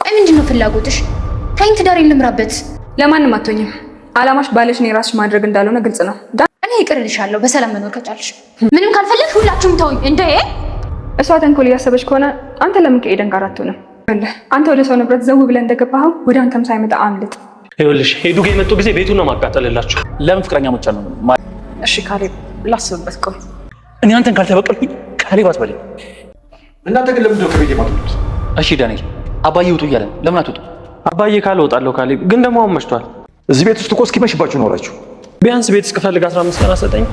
ቆይ ምንድን ነው ፍላጎትሽ? ታይን ትዳር ልምራበት። ለማንም አትሆኝም። አላማሽ ባለሽ ነው የራስሽ ማድረግ እንዳልሆነ ግልጽ ነው። እኔ ይቅርልሻለሁ፣ በሰላም መኖር ከቻልሽ። ምንም ካልፈለግ ሁላችሁም ተውኝ። እንደ እሷ ተንኮል እያሰበች ከሆነ አንተ ለምን ከኤደን ጋር አትሆንም? አንተ ወደ ሰው ንብረት ዘው ብለን እንደገባኸው ወደ አንተም ሳይመጣ አምልጥ። ይኸውልሽ ሄዱ ጋር የመጡ ጊዜ ቤቱን ነው ማቃጠልላችሁ። ለምን ፍቅረኛ መጫ ነው? እሺ ካሌብ ላስብበት። ቆይ እኔ አንተን ካልተበቀልኩኝ ካሌብ አትበለኝ። እናንተ ግን ለምንድን ከቤት የማትሉት? እሺ ዳንኤል አባዬ ውጡ እያለን ለምን አትወጡ? አባዬ ካለ እወጣለሁ ካለ ግን ደግሞ አሁን መሽቷል። እዚህ ቤት ውስጥ እኮ እስኪመሽባችሁ ኖራችሁ ቢያንስ ቤት እስክፈልግ 15 ቀን አሰጠኝ።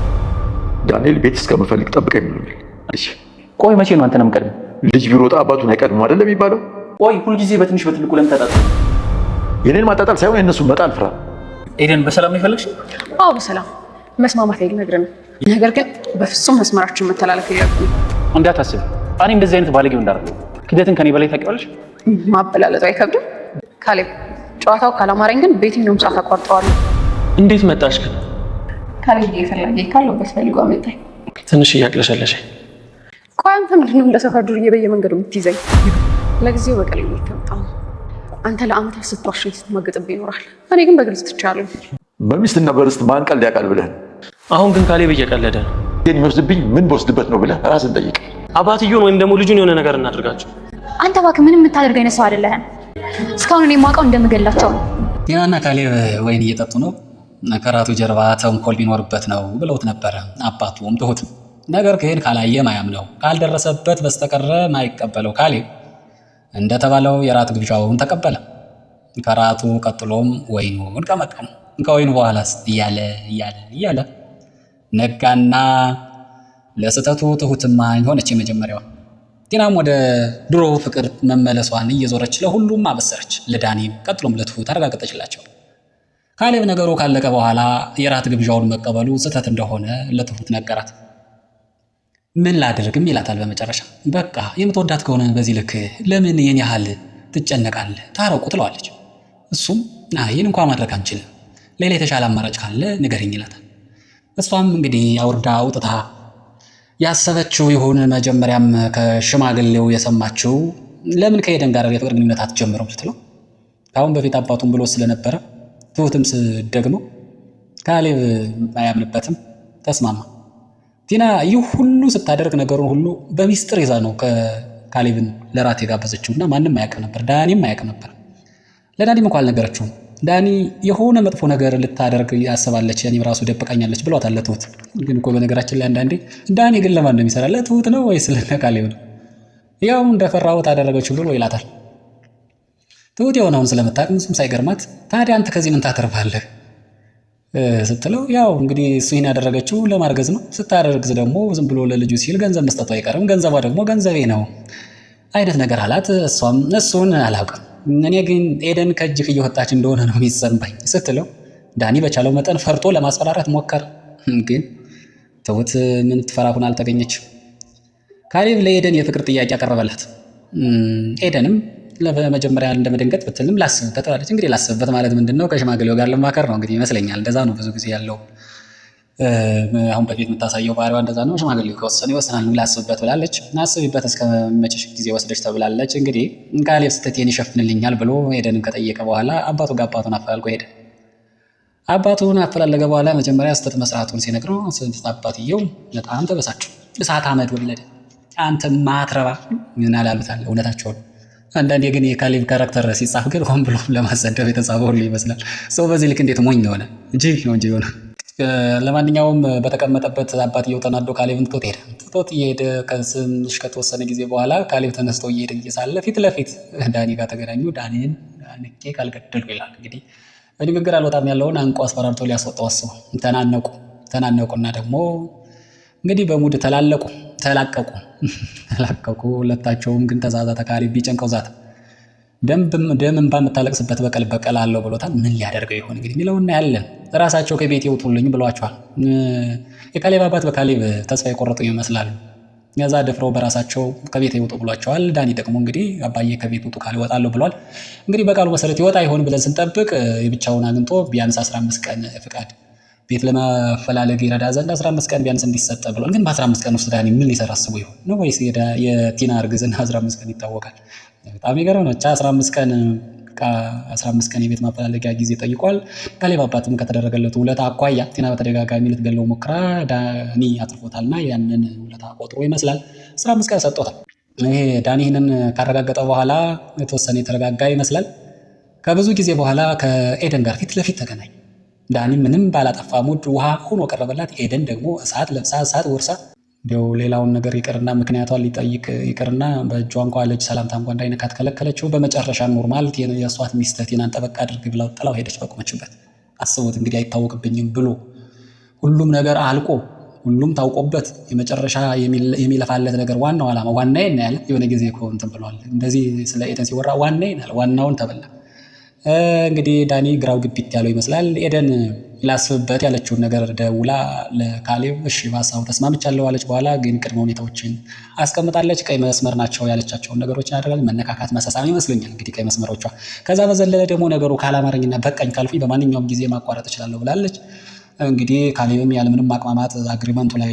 ዳንኤል ቤት እስከምፈልግ ጠብቀኝ ብሎኛል። እሺ ቆይ መቼ ነው አንተ ነው ቀድም ልጅ ቢሮጣ አባቱን አይቀድም አይደል የሚባለው? ቆይ ሁልጊዜ በትንሽ በትልቁ ለምን ታጣጣለህ? የኔን ማጣጣል ሳይሆን የእነሱን መጣል ፍራ። ኤደን በሰላም ነው የፈለግሽ? አዎ በሰላም መስማማት ላይ ነግረን፣ ነገር ግን በፍጹም መስመራችን መተላለፍ የለብንም። እንዳታስብ እኔ እንደዚህ አይነት ባለጌው እንዳደረገው ክደትን ከኔ በላይ ታውቂዋለሽ። ማበላለጡ አይከብድም። ካሌብ ጨዋታው ካላማረኝ ግን በየትኛውም ሰዓት አቋርጠዋለሁ። እንዴት መጣሽ ግን? ካሌብ እየፈለገ ካለበት ፈልጎ አመጣኝ። ትንሽ እያቅለሸለሸ ቆይ፣ አንተ ምንድን ነው እንደ ሰፈር ዱርዬ በየመንገዱ የምትይዘኝ? ለጊዜው በቀል የሚከብጣ አንተ ለአመታት ስትዋሽኝ ስትማገጥብህ ይኖራል። እኔ ግን በግልጽ ትቻለሁ። በሚስትና በርስት ማን ቀልድ ያውቃል ብለህ አሁን ግን ካሌብ እየቀለደ ነው። ግን የሚወስድብኝ ምን በወስድበት ነው ብለህ ራስን ጠይቅ። አባትዮን ወይም ደግሞ ልጁን የሆነ ነገር እናደርጋቸው። አንተ እባክህ ምንም የምታደርገው አይነት ሰው አይደለህም። እስካሁን እኔ የማውቀው እንደምገላቸው ነው። ቲናና ካሌብ ወይን እየጠጡ ነው። ከራቱ ጀርባ ተንኮል ቢኖርበት ነው ብለውት ነበረ አባቱም ትሁት ነገር ከሄድ ካላየ ማያም ነው ካልደረሰበት በስተቀረ ማይቀበለው ካሌብ እንደተባለው የራት ግብዣውን ተቀበለ። ከራቱ ቀጥሎም ወይኑን ቀመቀም። ከወይኑ በኋላስ እያለ እያለ እያለ ነጋና ለስህተቱ ትሁትማኝ ሆነች። የመጀመሪያዋ ቲናም ወደ ድሮ ፍቅር መመለሷን እየዞረች ለሁሉም አበሰረች። ለዳኔም ቀጥሎም ለትሁት አረጋገጠችላቸው። ካሌብ ነገሩ ካለቀ በኋላ የራት ግብዣውን መቀበሉ ስህተት እንደሆነ ለትሁት ነገራት። ምን ላድርግም ይላታል በመጨረሻ። በቃ የምትወዳት ከሆነ በዚህ ልክ ለምን ይህን ያህል ትጨነቃለህ? ታረቁ ትለዋለች። እሱም ይህን እንኳ ማድረግ አንችልም፣ ሌላ የተሻለ አማራጭ ካለ ንገረኝ ይላታል። እሷም እንግዲህ አውርዳ አውጥታ ያሰበችው ይሁን መጀመሪያም ከሽማግሌው የሰማችው ለምን ከሄደን ጋር የፍቅር ግንኙነት አትጀምረው ስትለው ከአሁን በፊት አባቱን ብሎ ስለነበረ ትሁትም ስደግሞ ካሌብ አያምንበትም ተስማማ። ቲና ይህ ሁሉ ስታደርግ ነገሩን ሁሉ በሚስጥር ይዛ ነው ከካሌብን ለራት የጋበዘችው እና ማንም አያውቅም ነበር፣ ዳኒም አያውቅም ነበር። ለዳኒም እንኳ አልነገረችውም። ዳኒ የሆነ መጥፎ ነገር ልታደርግ ያስባለች እኔም ራሱ ደብቃኛለች ብሏታል ለትሁት። ግን እኮ በነገራችን ላይ አንዳንዴ ዳኒ ግን ለማን ነው የሚሰራ ለትሁት ነው ወይስ ለነቃል ነው? ያው እንደፈራሁት አደረገችው ብሎ ይላታል። ትሁት የሆነውን ስለምታውቅ ምንም ሳይገርማት ታዲያ አንተ ከዚህ ምን ታተርፋለህ ስትለው ያው እንግዲህ እሱ ይህን ያደረገችው ለማርገዝ ነው። ስታደርግዝ ደግሞ ዝም ብሎ ለልጁ ሲል ገንዘብ መስጠቱ አይቀርም፣ ገንዘቧ ደግሞ ገንዘቤ ነው አይነት ነገር አላት። እሷም እሱን አላውቅም እኔ ግን ኤደን ከእጅህ እየወጣች እንደሆነ ነው የሚሰማኝ ስትለው ዳኒ በቻለው መጠን ፈርቶ ለማስፈራራት ሞከረ። ግን ትሁት ምን ትፈራ አልተገኘችም። ካሌብ ለኤደን የፍቅር ጥያቄ አቀረበላት። ኤደንም ለመጀመሪያ እንደመደንገጥ ብትልም ላስብበት አለች። እንግዲህ ላስብበት ማለት ምንድን ነው? ከሽማግሌው ጋር ለማከር ነው እንግዲህ ይመስለኛል። እንደዛ ነው ብዙ ጊዜ ያለው አሁን በፊት የምታሳየው ባህሪዋ እንደዛ ነው። ሽማግሌው ከወሰነ ይወስናል። ላስብበት ብላለች። አስቢበት እስከ መቼሽ ጊዜ ወስደች ተብላለች። እንግዲህ ካሌብ ስህተቴን ይሸፍንልኛል ብሎ ሄደንም ከጠየቀ በኋላ አባቱ ጋር አባቱን አፈላልጎ ሄደ። አባቱን አፈላለገ በኋላ መጀመሪያ ስህተት መስራቱን ሲነግረው አባትየው በጣም ተበሳጩ። እሳት አመድ ወለደ አንተ ማትረባ ምን አላሉታል። እውነታቸውን አንዳንዴ ግን የካሌብ ካራክተር ሲጻፍ ግን ሆን ብሎ ለማሰደብ የተጻፈው ሁሉ ይመስላል። ሰው በዚህ ልክ እንዴት ሞኝ የሆነ እንጂ ነው እንጂ የሆነ ለማንኛውም በተቀመጠበት አባትየው ተናዶ ካሌብን ትቶት ሄደ። ትቶት እየሄደ ከትንሽ ከተወሰነ ጊዜ በኋላ ካሌብ ተነስቶ እየሄደ እየሳለ ፊት ለፊት ዳኒ ጋር ተገናኙ። ዳኒን ንቄ ካልገደሉ ይላል። እንግዲህ በንግግር አልወጣም ያለውን አንቆ አስፈራርቶ ሊያስወጣው አስቦ ተናነቁ። ተናነቁና ደግሞ እንግዲህ በሙድ ተላለቁ፣ ተላቀቁ፣ ተላቀቁ። ሁለታቸውም ግን ተዛዛ ተካሪ ቢጨንቀው ዛተ። ደም እንባ የምታለቅስበት በቀል በቀል አለው ብሎታል። ምን ሊያደርገው ይሆን እንግዲህ የሚለው እናያለን። ራሳቸው ከቤት ይውጡልኝ ብሏቸዋል። የካሌብ አባት በካሌብ ተስፋ የቆረጡ ይመስላሉ። እዛ ደፍረው በራሳቸው ከቤት ይውጡ ብሏቸዋል። ዳኒ ደግሞ እንግዲህ አባዬ ከቤት ውጡ ካል ይወጣለሁ ብሏል። እንግዲህ በቃሉ መሰረት ይወጣ ይሆን ብለን ስንጠብቅ የብቻውን አግኝቶ ቢያንስ 15 ቀን ፍቃድ ቤት ለማፈላለግ ይረዳ ዘንድ 15 ቀን ቢያንስ እንዲሰጠ ብሏል። ግን በ15 ቀን ውስጥ ዳኒ ምን ሊሰራ አስቦ ይሆን ነው ወይስ የቲና እርግዝና 15 ቀን ይታወቃል? በጣም የሚገርም ነው። ብቻ 15 ቀን በቃ አምስት ቀን የቤት ማፈላለጊያ ጊዜ ጠይቋል። ከሌባ አባትም ከተደረገለት ውለታ አኳያ ቲና በተደጋጋሚ ልትገለው ሞክራ ዳኒ አትርፎታልና ያንን ውለታ ቆጥሮ ይመስላል አስራ አምስት ቀን ሰጥቶታል። ይሄ ዳኒ ይህንን ካረጋገጠ በኋላ የተወሰነ የተረጋጋ ይመስላል። ከብዙ ጊዜ በኋላ ከኤደን ጋር ፊት ለፊት ተገናኝ። ዳኒ ምንም ባላጠፋ ሙድ ውሃ ሆኖ ቀረበላት። ኤደን ደግሞ እሳት ለብሳ እሳት ወርሳ እንዲያው ሌላውን ነገር ይቅርና ምክንያቷን ሊጠይቅ ይቅርና በእጇ እንኳ ልጅ ሰላምታ እንኳ እንዳይነካት ከለከለችው። በመጨረሻ ኖርማል የእሷት ሚስት ቲናን ጠበቅ አድርግ ብላው ጥላው ሄደች በቆመችበት። አስቡት እንግዲህ አይታወቅብኝም ብሎ ሁሉም ነገር አልቆ ሁሉም ታውቆበት የመጨረሻ የሚለፋለት ነገር ዋናው ዓላማ ዋናዬ ነው ያለ። የሆነ ጊዜ እኮ እንትን ብለዋል እንደዚህ ስለ ኤደን ሲወራ ዋናዬን አለ። ዋናውን ተበላ። እንግዲህ ዳኒ ግራው ግቢት ያለው ይመስላል ኤደን ላስብበት ያለችውን ነገር ደውላ ለካሌብ እሺ ባሳው ተስማምቻለሁ አለች። በኋላ ግን ቅድመ ሁኔታዎችን አስቀምጣለች። ቀይ መስመር ናቸው ያለቻቸውን ነገሮችን አደረጋለች። መነካካት፣ መሳሳም ይመስለኛል እንግዲህ ቀይ መስመሮቿ። ከዛ በዘለለ ደግሞ ነገሩ ካላማረኝና በቀኝ ካልኩኝ በማንኛውም ጊዜ ማቋረጥ እችላለሁ ብላለች። እንግዲህ ካሌብም ያለምንም አቅማማት አግሪመንቱ ላይ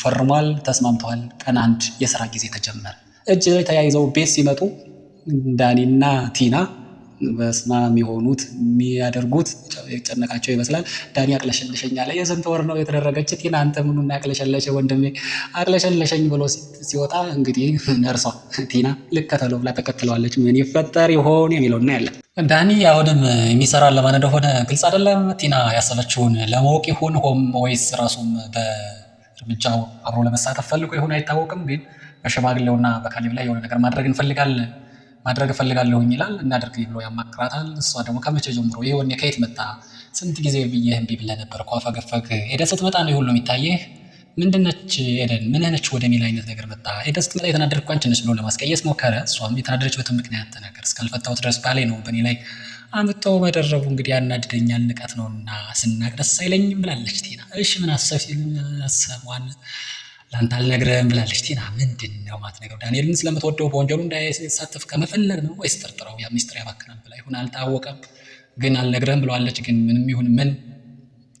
ፈርሟል። ተስማምተዋል። ቀን አንድ የስራ ጊዜ ተጀመረ። እጅ ላይ ተያይዘው ቤት ሲመጡ ዳኒና ቲና በስማ የሆኑት የሚያደርጉት የጨነቃቸው ይመስላል። ዳኒ አለ። የስንት ወር ነው የተደረገች ቲና? አንተ ምኑን ያቅለሸለሸ ወንድሜ አቅለሸለሸኝ ብሎ ሲወጣ እንግዲህ ነርሷ ቲና ልከተሎ ብላ ተከትለዋለች። ምን ይፈጠር ይሆን የሚለው እናያለን። ዳኒ አሁንም የሚሰራ ለማን እንደሆነ ግልጽ አይደለም። ቲና ያሰበችውን ለማወቅ ይሁን ሆም ወይስ ራሱም በእርምጃው አብሮ ለመሳተፍ ፈልጎ ይሁን አይታወቅም። ግን በሸማግሌውና በካሌብ ላይ የሆነ ነገር ማድረግ እንፈልጋለን ማድረግ እፈልጋለሁኝ ይላል። እናደርግ ብሎ ያማክራታል። እሷ ደግሞ ከመቼ ጀምሮ ይህ ወኔ ከየት መጣ? ስንት ጊዜ ብዬህ እምቢ ብለህ ነበር እኮ አፈገፈግ። ኤደን ስትመጣ ነው ሁሉ የሚታየህ። ምንድነች ኤደን ምንነች ወደሚል አይነት ነገር መጣ። ኤደን ስትመጣ የተናደድኩ አንቺ ነች ብሎ ለማስቀየስ ሞከረ። እሷም የተናደደችበትን ምክንያት ተናገር። እስካልፈታሁት ድረስ ባሌ ነው በእኔ ላይ አምጦ መደረቡ እንግዲህ ያናድደኛል፣ ንቀት ነው እና ስናቅ ደስ አይለኝም ብላለች ቴና። እሺ ምን አሰብ ሲል ዋን ለአንተ አልነግረህም ብላለች ቲና። ምንድን ነው ማትነግረው? ዳንኤልን ስለምትወደው በወንጀሉ እንዳይሳተፍ ከመፈለግ ነው ወይስ ጠርጥረው ያ ሚስጥር ያባክናል ብላ ይሁን አልታወቀም። ግን አልነግረህም ብለዋለች። ግን ምንም ይሁን ምን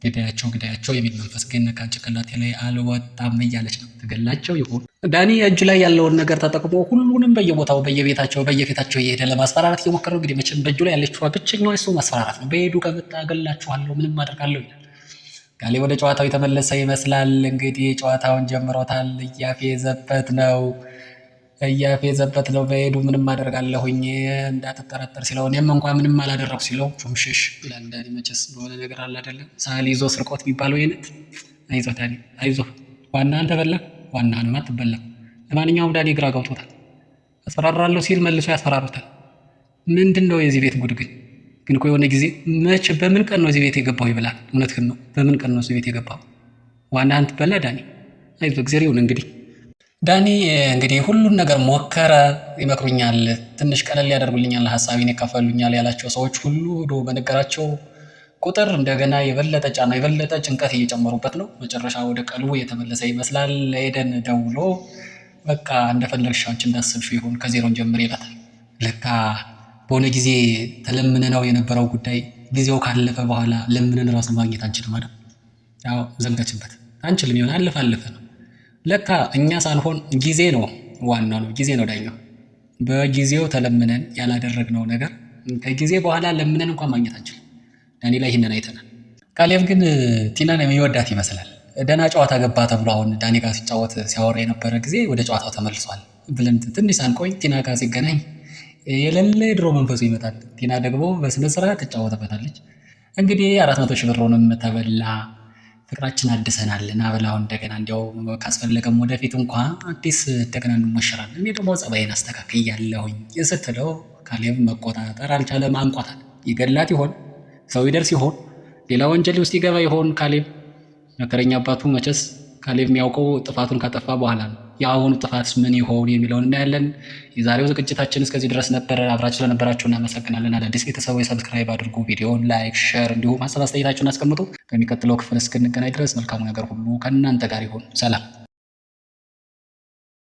ግዳያቸው ግዳያቸው የሚል መንፈስ ግን ከአንቺ ጭንቅላቴ ላይ አልወጣም እያለች ነው። ትገላቸው ይሁን ዳኒ እጅ ላይ ያለውን ነገር ተጠቅሞ ሁሉንም በየቦታው በየቤታቸው በየፊታቸው እየሄደ ለማስፈራራት እየሞከረ ነው። እንግዲህ መቼም በእጁ ላይ ያለችው ብቸኛዋ እሱ ማስፈራራት ነው። በሄዱ ከመጣ ገላችኋለሁ፣ ምንም አደርጋለሁ ይላል። ካሌ ወደ ጨዋታው የተመለሰ ይመስላል። እንግዲህ ጨዋታውን ጀምሮታል። እያፌ ዘበት ነው እያፌ ዘበት ነው። በሄዱ ምንም አደርጋለሁኝ እንዳትጠረጠር ሲለው እኔም እንኳ ምንም አላደረጉ ሲለው ሹምሽሽ ይላል። ዳኒ መቼስ በሆነ ነገር አለ አይደለም ሳህል ይዞ ስርቆት የሚባለው አይነት። አይዞ ዳኒ አይዞ። ዋና አንተ በላ ዋና ነው አትበላም። ለማንኛውም ዳኒ ግራ ገብቶታል። አስፈራራለሁ ሲል መልሶ ያስፈራሩታል። ምንድን ነው የዚህ ቤት ጉድ ግን ግን እኮ የሆነ ጊዜ መቼ በምን ቀን ነው እዚህ ቤት የገባው ይብላል። ግን ነው። በምን ቀን ነው እዚህ ቤት የገባው? ዋና አንት በላ ዳኒ አይ እግዚአብሔር ይሁን እንግዲህ ዳኒ እንግዲህ ሁሉን ነገር ሞከረ። ይመክሩኛል፣ ትንሽ ቀለል ያደርጉልኛል፣ ሀሳቤን ይካፈሉኛል ያላቸው ሰዎች ሁሉ ዶ በነገራቸው ቁጥር እንደገና የበለጠ ጫና የበለጠ ጭንቀት እየጨመሩበት ነው። መጨረሻ ወደ ቀልቡ የተመለሰ ይመስላል። ለኤደን ደውሎ በቃ እንደፈለግሽ አንቺ ይሁን ከዜሮን ጀምር ይላታል። ለካ በሆነ ጊዜ ተለምነነው የነበረው ጉዳይ ጊዜው ካለፈ በኋላ ለምንን ራሱ ማግኘት አንችልም አይደል? ያው ዘንጋችበት አንችልም ይሆን አለፈ አለፈ ነው። ለካ እኛ ሳንሆን ጊዜ ነው ዋና ነው። ጊዜ ነው ዳኛው። በጊዜው ተለምነን ያላደረግነው ነገር ከጊዜ በኋላ ለምነን እንኳን ማግኘት አንችልም። ዳኒ ላይ ይህንን አይተናል። ካሌብ ግን ቲናን የሚወዳት ይመስላል። ደህና ጨዋታ ገባ ተብሎ አሁን ዳኒ ጋር ሲጫወት ሲያወራ የነበረ ጊዜ ወደ ጨዋታው ተመልሷል ብለን ትንሽ ሳንቆይ ቲና ጋር ሲገናኝ የሌለ የድሮ መንፈሱ ይመጣል። ቲና ደግሞ በስነ ስርዓት ትጫወትበታለች። እንግዲህ አራት መቶ ሺህ ብሩንም ተበላ። ፍቅራችን አድሰናል እና በላሁ እንደገና እንዲያው ካስፈለገም ወደፊት እንኳ አዲስ እንደገና እንሞሸራለን። እኔ ደግሞ ጸባይን ያለሁኝ ስትለው ካሌብ መቆጣጠር አልቻለም። አንቋታል። ይገላት ይሆን? ሰው ይደርስ ይሆን? ሌላ ወንጀል ውስጥ ይገባ ይሆን? ካሌብ መከረኛ አባቱ መቼስ ካሌብ የሚያውቀው ጥፋቱን ካጠፋ በኋላ ነው። የአሁኑ ጥፋት ምን ይሆን የሚለውን እናያለን። የዛሬው ዝግጅታችን እስከዚህ ድረስ ነበረ። አብራችሁ ስለነበራችሁ እናመሰግናለን። አዳዲስ ቤተሰቦች ሰብስክራይብ አድርጉ፣ ቪዲዮን ላይክ፣ ሸር እንዲሁም ሀሳብ አስተያየታችሁን አስቀምጡ። በሚቀጥለው ክፍል እስክንገናኝ ድረስ መልካሙ ነገር ሁሉ ከእናንተ ጋር ይሁን። ሰላም